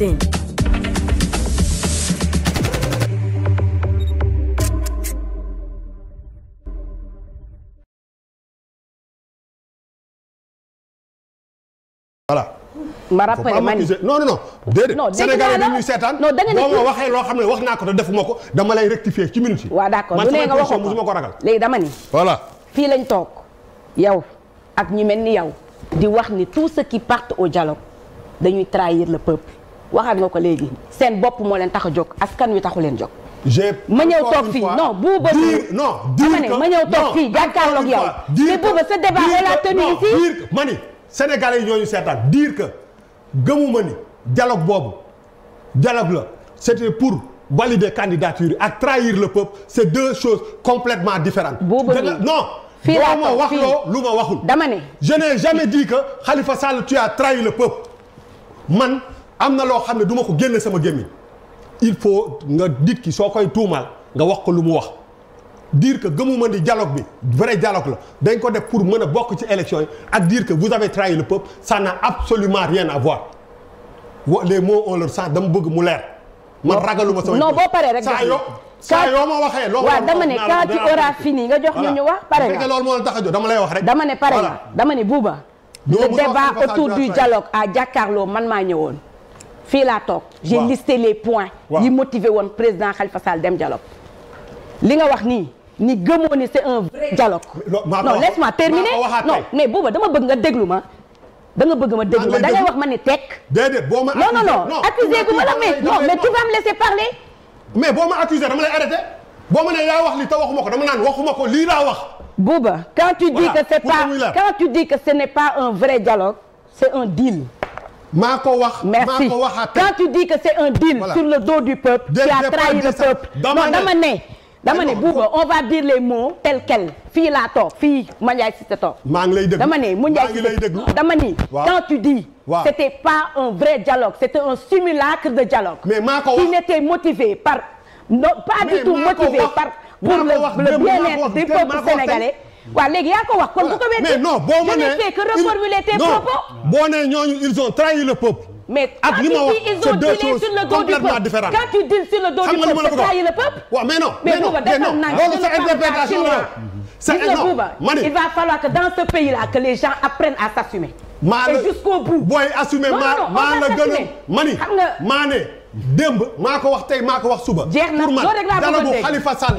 within. ma rappelé ma ni non non non. déedéet Sénégalais dañuy seetaan. non da nga ne waxee loo xam ne wax naa ko defuma ko dama lay rectifier ci minute yi. waaw d'accord lu ne nga waxoo ko man ko ragal. léegi dama ni. voilà fii lañ toog yow ak ñu mel ni yow di wax ni tout ce part au dialogue dañuy trahir le peuple. waxaat nga ko léegi seen bopp moo leen tax a jóg askan wi taxu leen jóg. ma ñëw toog fii non buuba di non dama ne ma ñëw toog fii jàkkaarloog yow mais buuba sa débat on l'a tenu ici dire que ma ni sénégalais yi ñooñu seetaan que gëmuma ni dialogue boobu dialogue la c'était pour valider candidature ak trahir le peuple c'est deux choses complètement différentes buuba non fii laa ma wax loo lu waxul dama ne je n'ai jamais dit que Khalifa Sall tu as trahi le peuple man amna lo xamné xam ko génne sama gémmiñ il faut nga dit ki soo koy tuumaal nga wax ko lu mu wax dire que gëmuma di dialogue bi vrai dialogue la dañ ko def pour meuna bok ci élection ak dire que vous avez trahi le peuple ça n'a absolument rien à voir wa les mots ont leur sens dama bëgg mu leer man ragaluma sama non bo paree rek saa yoo saa yoo ma waxee loolu waaw dama né quand tu aura fini nga jox ñu ñu wax pare nga lool mo la tax jox dama lay wax rek dama né pare nga dama né bouba le débat autour du dialogue à jàkkaarloo man ma ñëwoon fii la talk. j'ai listé les points. Il motivé woon président Khalifa Sall dem dialogue. li nga wax nii ni gëmoo ni c'est un vrai dialogue. non laisse-moi terminer non mais bouba dama bëgg nga déglu ma. da nga bëgg ma déglu da ngay wax ma ni tekk. déedéet ma. non non non accusé gu ma mais non mais tu vas me laisser parler. mais boo ma accusé dama lay arrêter boo ma nee yaa wax li taw waxuma dama naan waxumako li la wax. Bouba quand tu dis que c'est pas quand tu dis que ce n'est pas un vrai dialogue c'est un deal merci quand tu dis que c'est un deal sur le dos du peuple tu as trahi le peuple on va dire les mots tels quels Fille là to, fille, moi quand tu dis ce c'était pas un vrai dialogue c'était un simulacre de dialogue qui n'était motivé par pas du tout motivé par pour le bien-être des peuple sénégalais mais non je que propos. ils ont trahi le peuple. mais ils ont sur le dos du peuple quand tu dis sur le dos du peuple trahi le peuple. mais non mais non mais non c'est il va falloir que dans ce pays là que les gens apprennent à s'assumer. C'est jusqu'au bout assumer la mani Mani, ne Khalifa Sall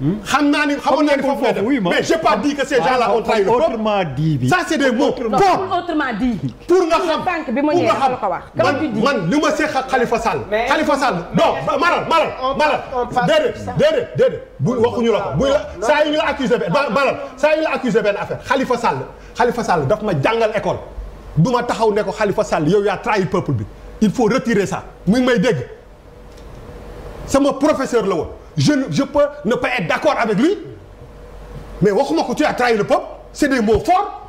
xam naa ni xamoon naa ni foofu mais j'ai pas dit que ces gens-là ont trahi le peuple. ça c'est des mots forts. autrement dit. pour nga xam pour nga tu man man li ma seq ak Khalifa Sall. Khalifa Sall non Malal Malal Malal. déedéet déedéet déedéet bu waxuñu la ko buy la ñu la accusé benn Malal saa la accusé benn affaire Khalifa Sall Khalifa Sall daf ma jàngal école du ma taxaw ne ko Khalifa Sall yow yaa trahi peuple bi il faut retirer ça mu ngi may dégg sama professeur la woon je, je peux ne pas être d'accord avec lui mais waxuma que tu as trahi le peuple c'est des mots forts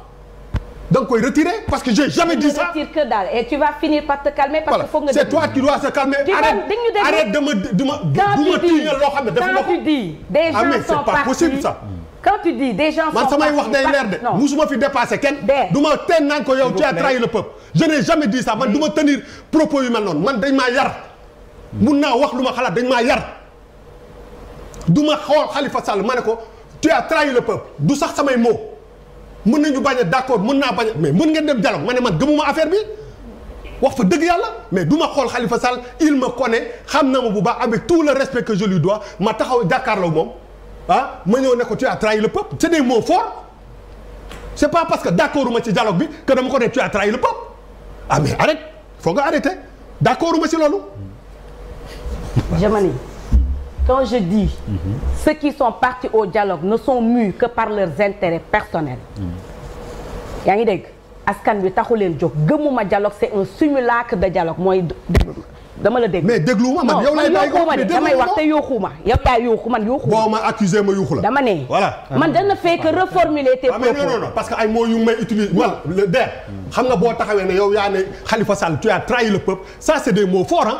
Donc il koy retirer parce que je n'ai jamais dit ça. retire que dalle et tu vas finir par te calmer. parce que faut que c'est toi qui dois se calmer. arrête de me de me bu ma tiiñal loo xam quand des ah, gens c'est pas possible ça. quand tu dis des gens sont partis man samay wax day leer de musuma fi dépassé kenn. ne ma ko yow tu as trahi le peuple. je n'ai jamais dit ça man du tenir propos yu mel noonu man dañ ma yar. mun naa wax luma xalat dañ ma yar duma xol Khalifa Sall ma ko tu as trahi le peuple du sax samay mot? meun nañu baña d'accord meun na baña mais meun ngeen dem dialogue ma ne man gëmuma affaire bi wax fa deug yalla mais duma xol Khalifa Sall il me connaît xamna mo bu ba avec tout le respect que je lui dois ma taxaw jàkkaarloo mom ah ma ñew ne ko tu as trahi le peuple c'est des mots forts C'est pas parce que d'accord, ma ci dialogue bi que dama ko ne tu as trahi le peuple ah mais arrête faut nga arrêter D'accord, accord ma si loolu quand je dis ceux qui sont partis au dialogue ne sont mus que par leurs intérêts personnels yaa ngi askan bi taxu len jóg gëmuma dialogue c'est un simulacre de dialogue moy dama la mais dégluwuma man yow lay ko mais dama wax te yuuxuma yow yaa yuuxu man yuuxu boo ma accusé ma yuuxu la dama ne voilà man dana que reformuler tes propos ah, non non parce que ay mots yu may utiliser le der xam nga bo taxawé né yow ya né Khalifa Sall tu as trahi le peuple ça c'est des mots forts hein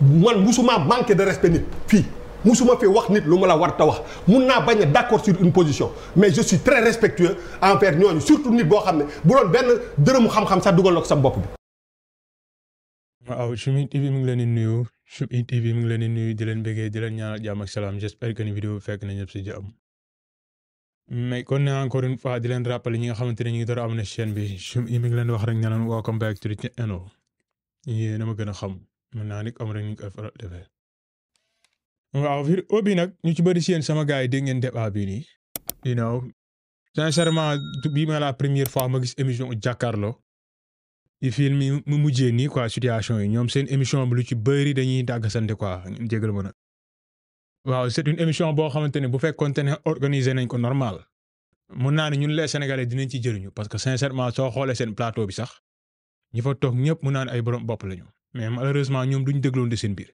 man musuma manqué de respect nit fii musuma fi wax nit luma la war ta wax mun naa bañ d'accord sur une position mais je suis très respectueux envers ñooñu surtout nit bo xamné bu doon ben deureum xam-xam sa dugal na ko sa bopp bi. waaw Choumi TV mi ngi leen di nuyu Choumi TV mi ngi leen di nuyu di leen bëggee di leen ñaanal jamm ak salam j'espère que ni vidéo bi fekk na ñep ci jamm mais kon ne encore une fois di leen rappeler ñi nga xamanteni ñi ñu ngi door a chaîne bi Choumi mi ngi leen wax rek ñu welcome back to the channel yéen a ma gën xam. mën naa nekk am rek ñu koy faral defee waaw obi nag ñu ci bëri si yéen sama gars yi dégg ngeen débat bii nii you know sincèrement bii ma la première fois ma gis émission jàkkaarloo yi film mi mu mujjee nii quoi situation yi ñoom seen émission bi lu ci bëri dañuy dàggasante quoi jégal ma nag waaw c'est une émission boo xamante ne bu fekkoonte ne organisé nañ ko normal mun naa ne ñun les sénégalais dinañ ci jëriñu parce que sincèrement soo xoolee seen plateau bi sax ñi fa toog ñëpp mun naa ne ay borom bopp lañu mais malheureusement ñoom duñ dégloon di seen biir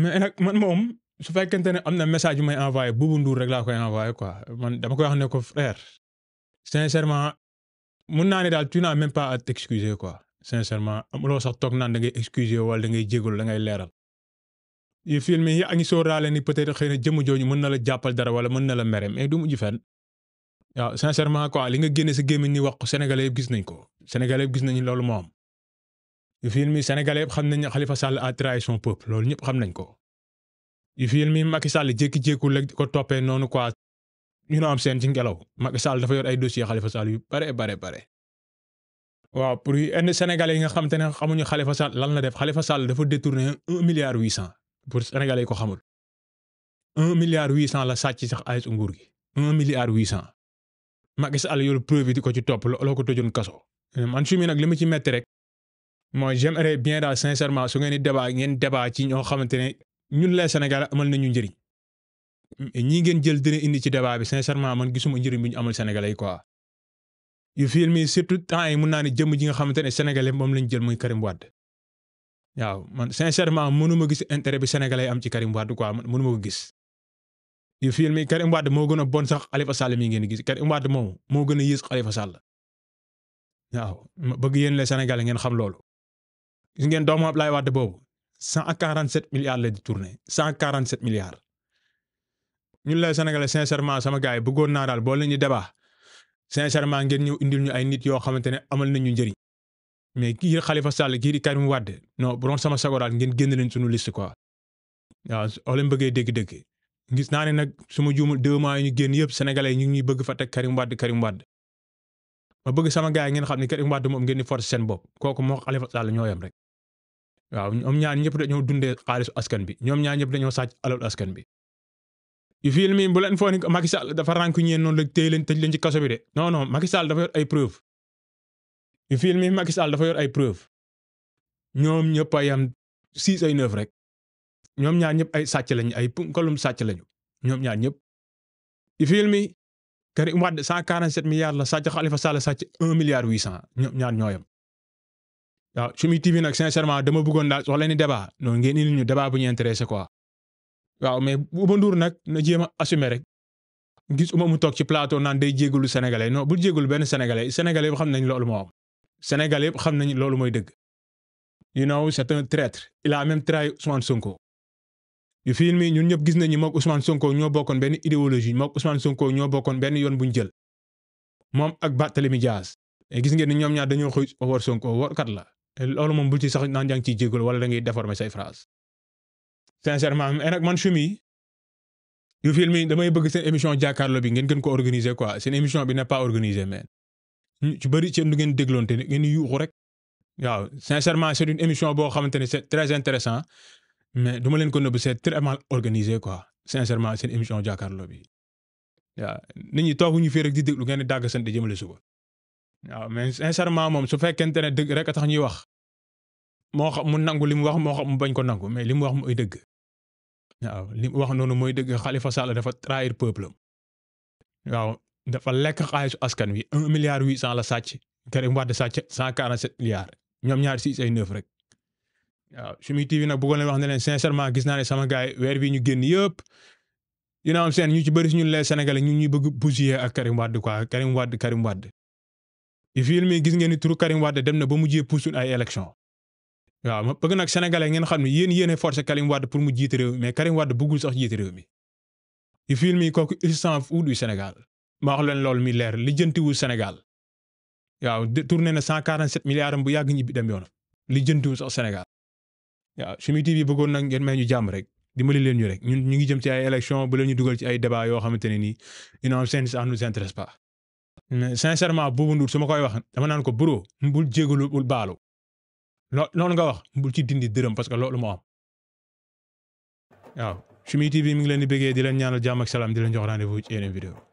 mais nag man moom su fekkente ne am na message yu may envoyé Boubou Ndour rek laa koy envoyé quoi man dama koy wax ne ko frère sincèrement mun naa ne daal tu n'as même pas à t'excuser quoi sincèrement amuloo sax toog naan da ngay excuser wala da ngay jégalu da ngay leeral. yu film yi a ngi sóoraale ni peut-être xëy na jëmm jooju mën na la jàppal dara wala mën na la mere mais du mujj fenn waaw sincèrement quoi li nga génne si gémmiñ ni wax ko Sénégalais gis nañ ko Sénégalais gis nañ loolu moo yu fil mi sénégalais yëpp xam nañ ne Khalifa Sall a trahi son peuple loolu ñëpp xam nañ ko yu fil mi Macky Sall jékki-jékku la ko toppee noonu quoi ñu na am seen ci ngelaw Macky Sall dafa yor ay dossier Khalifa Sall yu bare bare bare waaw pour yenn sénégalais yi nga xam te ne xamuñu Khalifa Sall lan la def Khalifa Sall dafa détourné un milliard huit cent pour sénégalais yi ko xamul un milliard huit cent la sàcc sax ay nguur gi un milliard huit cent Macky Sall yor preuve di ko ci topp loo ko tëjoon kaso man fi mi nag li ma ci metti rek mooy j'aimerais bien daal sincèrement su ngeen di débat ngeen débat ci ñoo xamante ne ñun les Sénégalais amal ñu njëriñ ñi ngeen jël dina indi ci débat bi sincèrement man gisuma njëriñ bi ñu amal Sénégalais yi quoi. yu film yi surtout temps yi mun naa ne jëmm ji nga xamante ne Sénégalais moom lañ jël muy Karim Wade waaw man sincèrement mënuma gis intérêt bi Sénégalais yi am ci Karim Wade quoi mënuma ko gis. yu film yi Karim Wade moo gën a bon sax Khalifa Sall mi ngeen gis Karim Wade moom moo gën a yées Khalifa Sall waaw bëgg yéen les Sénégalais ngeen xam loolu. gis ngeen doomu Abdoulaye Wade boobu cent quarante sept milliards la di tourné cent quarante sept milliards ñun la Sénégalais sincèrement sama gars yi bëggoon naa daal boo leen ñu débat sincèrement ngeen ñëw indil ñu ay nit yoo xamante ne amal ñu njëriñ mais kii xalifa Khalifa Sall kii di Karim Wade non bu doon sama sago daal ngeen génn leen suñu liste quoi waaw soo leen naa ne nag su ma juumul deux mois yi ñu génn yëpp sénégalais ñu ngi ñuy bëgg fa teg Karim Wade Karim Wade ma bëgg sama gars ngeen xam ne Karim Wade moom ngeen di forcer seen bopp kooku moo Khalifa Sall ñoo yem rek. waaw ñoom ñaar ñëpp dañoo dundee xaalis askan bi ñoom ñaar ñëpp dañoo sàcc alalu askan bi. yu fil mi bu leen foo ni Macky Sall dafa rànku ñeen noonu la téy leen tëj leen ci kaso bi de non non Macky Sall dafa yor ay preuve yu fil mi Macky Sall dafa yor ay preuve ñoom ñëpp ay am six ay neuf rek ñoom ñaar ñëpp ay sàcc lañ ay punkalum sàcc lañu ñoom ñaar ñëpp yu fil mi Karim Wade cent quarante sept milliards la sàcc Khalifa Sall sàcc un milliard waaw Choumi TV nag sincèrement dama bëggoon daal soxla ni débat noonu ngeen indi ñu débat bu ñu intéressé quoi waaw mais Uba Ndour nag na jéema a rek gis uma mu toog ci plateau naan day jégalu sénégalais non bu jégalu benn sénégalais sénégalais yëpp xam nañ loolu moo am sénégalais yëpp xam nañ loolu mooy dëgg. you know c'est un traître il a même trahi Ousmane Sonko. yu fi mi ñun ñëpp gis nañu moog Ousmane Sonko ñoo bokkoon benn idéologie moog Ousmane Sonko ñoo bokkoon benn yoon buñ jël moom ak Barthélémy Dias gis ngeen ñoom ñaar dañoo Sonko warkat la. loolu moom bul ci sax naan jàng ciy jégalu wala da ngay déformer say phrase sincèrement nag man chumi yu film yi damay bëgg seen émission jàkkaarloo bi ngeen gën ko organiser quoi seen émission bi n'est pas organisée mais ci bëri ci lu ngeen dégloon te rek waaw sincèrement c'est émission boo xamante ne c'est très intéressant mais du leen ko nëbb c'est très mal organisé ko sincèrement seen émission jàkkaarloo bi waaw nit ñi tooguñu fii rek di déglu ngeen di dàgg sant jëmale suba waaw mais sincèrement moom su fekkente ne dëgg rek tax ñuy wax moo xam mu nangu li mu wax moo xam mu bañ ko nangu mais li mu wax mooy dëgg waaw li mu wax noonu mooy dëgg Khalifa Sall dafa trahir peuple waaw dafa lekk xaalisu askan wi un milliard huit cent la sàcc Karim Wade sàcc cent quarante sept milliards ñoom ñaar si ay neuf rek waaw Choumi TV nag bëggoon leen wax ne leen sincèrement gis naa ne sama gars weer bii ñu génn yëpp dina am seen ñu ci bëri suñu les Sénégalais ñu ñuy bëgg bousiller ak Karim Wade quoi Karim you feel me gis ngeen ni turu Karim dem na ba mujjee puusul ay élection waaw ma bëgg nag sénégalais ngeen xam ne yéen yéen forcé Karim Wade pour mu jiite réew mi mais Karim Wade bëggul sax jiite réew mi you feel me il s'en fout du Sénégal ma wax leen loolu mi leer lijjantiwul Sénégal waaw tourné na 147 milliards am bu yàgg ñibbi dem yoon yoonam lijjantiwul sax Sénégal waaw Choumi TV bëggoon nag ngeen may ñu jàmm rek dimbali leen ñu rek ñun ñu ngi jëm ci ay élection bu leen ñu dugal ci ay débat yoo xamante ne nii une absence ça nous sincèrement Bouba Ndour su ma koy wax dama naan ko bro bul jégalu bul baalu loo loolu nga wax bul ci dindi dërëm parce que loolu moo am waaw Choumi TV mi ngi leen di bëggee di leen ñaanal jàmm salaam di leen jox rendez vidéo